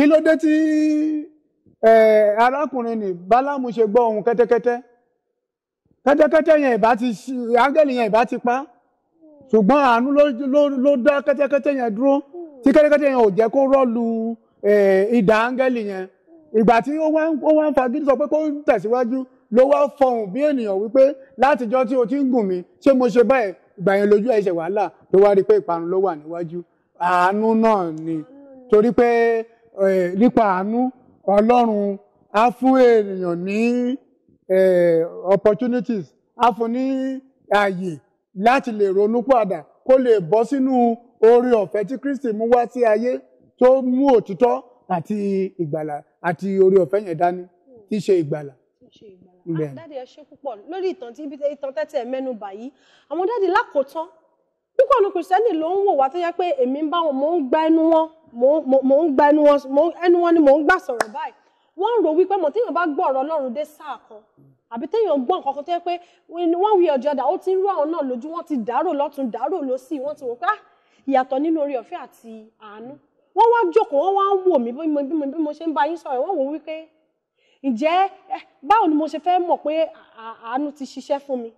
kí ló dé tí arákùnrin ní bálámù ṣe gbọ́ ohun kẹ́tẹ́kẹ́tẹ́ kẹ́tẹ́kẹ́tẹ́ yẹn ìbá ti áńgẹ́lì yẹn ìbá ti pa ṣùgbọ́n àánú ló dá kẹ́tẹ́kẹ́tẹ́ yẹn dúró tí kẹ́tẹ́kẹ́tẹ́ yẹn ò jẹ́ kó rọ́ọ̀lù idà áńgẹ́lì yẹn ìgbà tí ó wá ń fagídí sọ pé kó tẹ̀síwájú ló wá fọhùn bí ènìyàn wípé látijọ́ tí o ti ń gùn mí ṣé mo ṣe báyìí ìgbà yẹn lójú ẹ̀ṣẹ̀ wàhálà tó wá rí pé ìparun ló wà níwájú àánú náà ni torí pé nípa àánú ọlọ́run á fún ènìyàn ní opportunities á fún ní ààyè láti lè ronú padà kó lè bọ́ sínú oore ọ̀fẹ́ tí Kristi mú wá sí ayé tó mú òtítọ́ àti ìgbàlà àti oore ọ̀fẹ́ yẹn dání tí í ṣe ìgbàlà ah, dáàdì ẹ ṣé púpọ̀ lórí ìtàn tí ìtàn tẹ́tẹ́ mẹ́nu bà àwọn dáàdì lákòótán púpọ̀ ní kìrìsìtẹ́nì ló ń wò wá tó yẹ pé èmi ń bá wọn mò ń gba ẹnu wọn mò ń gba ẹnu wọn ẹnu wọn ni mò ń gbà sọ̀rọ̀ báyìí wọ́n ń rò wípé mọ̀ téèyàn bá gbọ́ ọ̀rọ̀ Ọlọ́run dé sáà kan àbí téèyàn gbọ́ nǹkan kan tó yẹ pé wọ́n wí ọjọ́ dà ó ti ń rú àwọn náà lójú wọ́n ti dárò lọ́tún dárò lọ́sì wọ́n ti wò pé ah, ìyàtọ̀ nínú orí ọ̀fẹ́ àti àánú wọ́n wá jókòó wọ́n wá ń wò mí bí mo bí mo ṣe ń bá yín sọ̀rọ̀ wọ́n wò wípé ǹjẹ́ báwo ni mo ṣe fẹ́ mọ̀ pé àánú ti ṣiṣẹ́ fún mi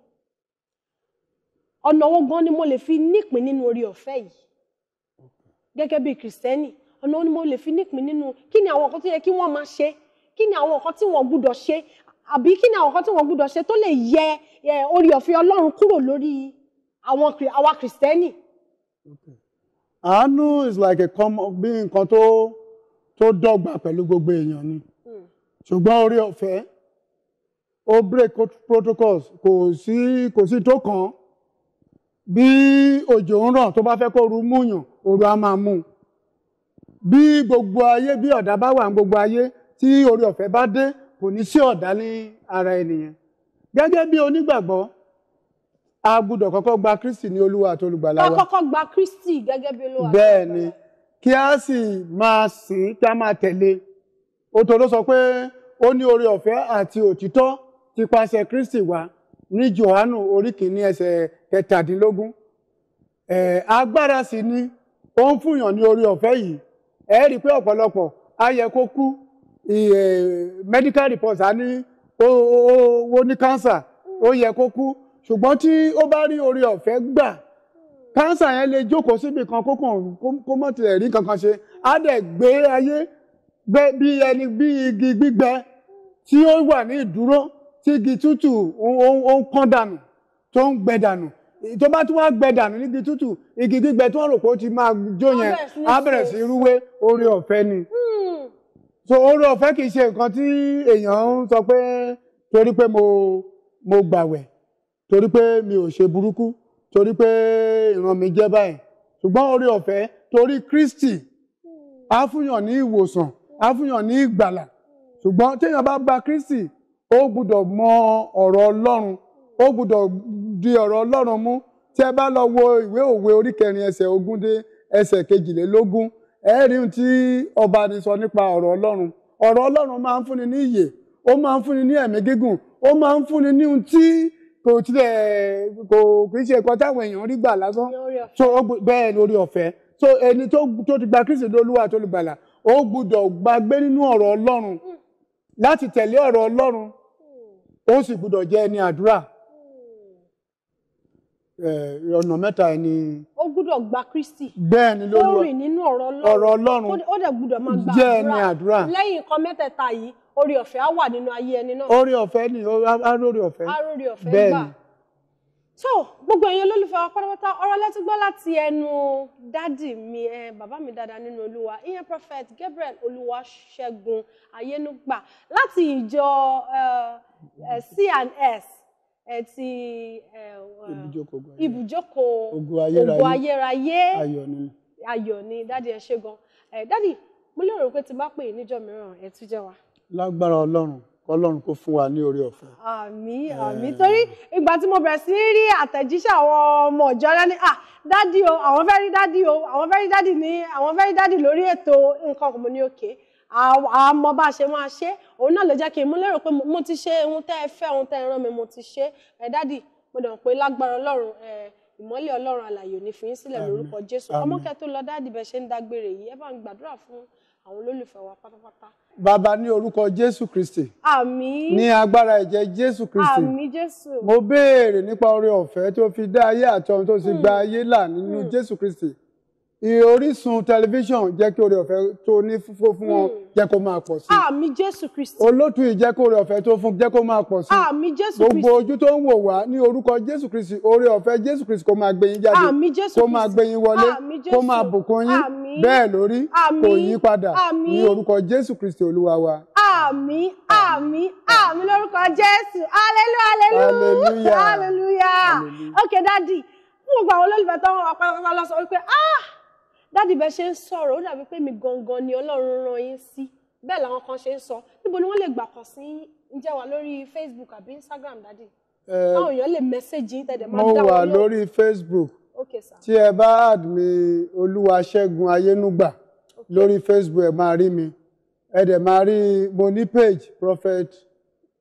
ọ̀nà owó gan ni mo lè fi nípìn nínú orí ọ̀fẹ́ yìí gẹ́gẹ́ bí kìrìsìtẹ́nì ọ̀nà owó ni mo lè fi nípìn nínú kí ni àwọn nǹkan tó yẹ kí wọ́n máa ṣe kí ni àwọn nǹkan tí wọ́n gbúdọ̀ ṣe àbí kí ni àwọn nǹkan tí wọ́n gbúdọ̀ ṣe tó lè yẹ orí ọ̀fẹ́ Ọlọ́run kúrò lórí àwọn àwa kìrìsìtẹ́nì. àánú is like a common bí nǹkan tó tó dọ́gba pẹ̀lú gbogbo èèyàn ni hmm. ṣùgbọ́n orí ọ̀fẹ́ ó break protocols kò sí kò sí tó kàn án bí òjò ń rọ̀ tó bá fẹ́ kó ru múyàn òru á máa mú un bí gbogbo ayé bí ọ̀dá bá wà ní gbogbo ayé tí orí ọ̀fẹ́ bá dé kò ní sí ọ̀dá ní ara ènìyàn gẹ́gẹ́ bí onígbàgbọ́ a gbúdọ̀ kọ́kọ́ gba Kristi ní olúwa àti olùgbàlà wa. kọ́kọ́ gba Kristi gẹ́gẹ́ bí olúwa. bẹ́ẹ̀ ni kí a sì máa sìn kí a máa tẹ̀lé òtò ló sọ pé ó ní orí ọ̀fẹ́ àti òtítọ́ ti pàṣẹ Kristi wa ní Jòhánù orí kìíní ẹsẹ̀ kẹtàdínlógún agbára sì ni ó ń fúnyàn ní orí ọ̀fẹ́ yìí ẹ rí i pé ọ̀pọ̀lọpọ̀ á yẹ kó kú medical report á ní ó ní cancer ó yẹ kó kú ṣùgbọ́n tí ó bá rí orí ọ̀fẹ́ gbà kánsà yẹn lè jókòó síbi kan kó kàn kó mọ̀ tilẹ̀ rí kankan ṣe á dẹ̀ gbé ayé gbé bí ẹni bí igi gbígbẹ tí ó wà ní ìdúró tígi tútù ó ń pọ́n dànù tó ń gbẹ dànù tó bá tún wá gbẹ dànù nígi tútù igi gbígbẹ tó ń rò pé ó ti máa jó yẹn á bẹ̀rẹ̀ sí rúwé oore ọ̀fẹ́ ni hmm. so oore ọ̀fẹ́ kì í ṣe nǹkan tí èèyàn ń sọ pé torí pé mo mo gbàwẹ̀ torí pé mi ò ṣe burúkú torí pé ìran mi jẹ́ báyìí ṣùgbọ́n oore ọ̀fẹ́ torí Kristi á fúnyàn ní ìwòsàn á fúnyàn ní ìgbàlà ṣùgbọ́n téèyàn bá gba Kristi ó gbúdọ̀ mọ ọ̀rọ̀ ọlọ́run ó gbúdọ̀ di ọ̀rọ̀ ọlọ́run mú tí ẹ bá lọ wo ìwé òwe orí ẹsẹ̀ ogún dé ẹsẹ̀ kejìlélógún ẹ rí ohun tí ọba ni sọ nípa ọ̀rọ̀ ọlọ́run ọ̀rọ̀ ọlọ́run máa ń fúnni ní ìyè ó máa ń fúnni ní ẹ̀mí gígùn ó máa ń fúnni ní ohun tí kò tilẹ̀ kò ṣe nǹkan táwọn rí gbà bẹ́ẹ̀ lórí ọ̀fẹ́ ẹni tó gba ọ̀rọ̀ ọlọ́run hmm. ó sì gbúdọ̀ jẹ́ ẹni àdúrà ọ̀nà mẹ́ta ẹni. ó gbúdọ̀ gba Kristi. bẹ́ẹ̀ ni ló lọ ó rìn nínú ọ̀rọ̀ Ọlọ́run ọ̀rọ̀ Ọlọ́run ó dẹ̀ gbúdọ̀ máa gba àdúrà jẹ́ ẹni àdúrà lẹ́yìn nǹkan mẹ́tẹ̀ẹ̀ta yìí oore ọ̀fẹ́ á wà nínú ayé ẹni náà. oore ọ̀fẹ́ ni aróore ọ̀fẹ́. aróore ọ̀fẹ́ so gbogbo ẹ̀yin olólùfẹ́ wa pátápátá ọ̀rọ̀ lẹ́tí gbọ́ láti ẹnu dádì mi ẹ bàbá mi dáadáa nínú olúwa ìyẹn prophet Gabriel Olúwaṣẹ́gun ayénúgbà láti ìjọ C&S ẹ ti ibùjókòó ògo ayérayé ayọ̀ ni dádì ẹ ṣé gan dádì mo lérò pé tí bá pè é níjọ́ mìíràn ẹ tún jẹ́ wa. lágbára Ọlọ́run kọlọ́run kó fún wa ní orí ọ̀fẹ́. àmín àmín torí ìgbà tí mo bẹ̀rẹ̀ sí ní rí àtẹ̀jíṣẹ́ àwọn ọmọ ìjọ rẹ ní dádì o àwọn fẹ́ rí dádì o àwọn fẹ́ rí dádì ní àwọn fẹ́ rí dádì lórí ètò nǹkan ọkùnrin ní òkè àmọ́ bá a ṣe máa ṣe òun náà ló jẹ́ kí n mú lérò pé mo ti ṣe ohun tẹ́ ẹ fẹ́ ohun tẹ́ ẹ rán mi mo ti ṣe ẹ dádì mo dàn pé lágbára ọlọ́run ẹ ìmọ́lẹ̀ ọlọ́run alàyè ò àwọn olólùfẹ́ wa pátápátá. Bàbá ní orúkọ Jésù Kristi. Àmín. Ní agbára ẹ̀jẹ̀ Jésù Kristi. Àmín Jésù. Mo béèrè nípa oore ọ̀fẹ́ tó fi dá ayé àtọ̀run tó sì gba ayé là nínú hmm. Jésù Kristi. Orísun tẹlifíṣàn jẹ́ kí oore ọ̀fẹ́ tó ní fún fún wọn hmm. jẹ́ kó máa pọ̀ sí. àmì Jésù Kristi. olótú ìjẹ́ kó oore ọ̀fẹ́ tó fún jẹ́ kó máa pọ̀ sí. àmì Jésù Kristi. gbogbo ojú tó ń wò wá ní orúkọ Jésù Kristi oore ọ̀fẹ́ Jésù Kristi kó máa gbé yín jáde. àmì Jésù Kristi kó máa gbé yín wọlé. àmì Jésù kó máa bùkún yín. àmì bẹ́ẹ̀ lórí. àmì kò yí padà. àmì ní orúkọ Jésù Kristi olúwa wa. àmì àmì àmì lórúkọ Jésù hallelujah hallelujah hallelujah okay daddy fún gbogbo àwọn olólùfẹ́ tó ń wà pátápátá lọ sọ wípé ah dádì bẹ́ẹ̀ ṣe ń sọ̀rọ̀ ó dàbí pé mi gangan ni ọlọ́run rán yín sí bẹ́ẹ̀ làwọn kan ṣe ń sọ níbo ni wọ́n lè gbà kàn sí ń wà lórí facebook àbí instagram dádì àwọn èèyàn lè mẹ́sẹ̀jì yín tẹ̀dẹ̀ máa ń dáwọ́ lóhùn. mo wà lórí facebook okay sir tí ẹ bá add mi olúwaṣẹ́gun ayénúgbà lórí facebook ẹ máa rí mi ẹ dẹ̀ máa rí mo ní page prophet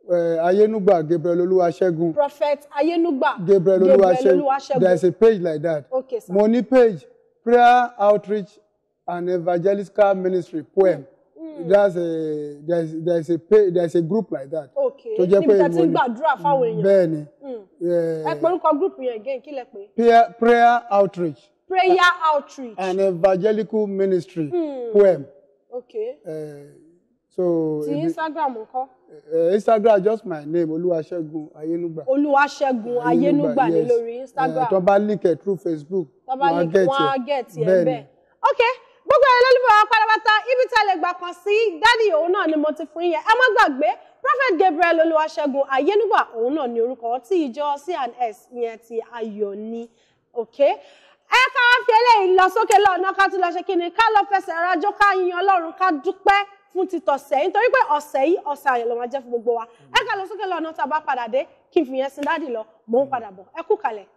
uh, Ayenuba Gabriel Oluwasegun. Prophet Ayenuba Gabriel Oluwasegun. There is a page like that. Okay, sir. Mo ní page prayer outreach and evangelical ministry poem. Mm. That's a there's there's a pay, there's a group like that. Okay. Tó jẹ́ pé ìwọ ni. Níbi tí a ti gbàdúrà fáwọn èèyàn. Bẹ́ẹ̀ni. Mm. Eh. Ẹ pé orúkọ group yẹn again kí lẹ pè. Prayer prayer outreach. Prayer outreach. And evangelical ministry. Mm. Poem. Okay. Uh, so ti instagram ńkọ́. Uh, instagram just my name olúwaṣẹ́gun ayénúgbà. olúwaṣẹ́gun ayénúgbà ni lórí instagram. Eh, to bá link ẹ through facebook wọn á gẹ̀tì ẹ wọn á gẹ̀tì ẹ bẹ́ẹ̀. ok gbogbo ẹ lọ́lùfẹ́ wa pátápátá ibi tá a lè gbà kan sí dádì òun náà ni mo ti fún yẹn ẹ má gbàgbé prophet gabriel olúwaṣẹ́gun ayénúgbà òun náà ni orúkọ tí ìjọ c and s yẹn ti ayọ̀ ni ẹ ká fi ìlọsókè lọ́nà ká tún lọ ṣe kí ni ká lọ fẹsẹ̀ rajó ká yin ọlọ́run ká dúpẹ́ fún títọ̀sẹ̀ nítorí pé ọ̀sẹ̀ yìí ọ̀sẹ̀ ayọ̀ ló máa jẹ́ fún gbogbo wa ẹ ká lọ sókè lọ́nà tá a bá padà dé kí n fi yẹn sin dáàdì lọ mò ń padà bọ̀ ẹ kú kalẹ̀.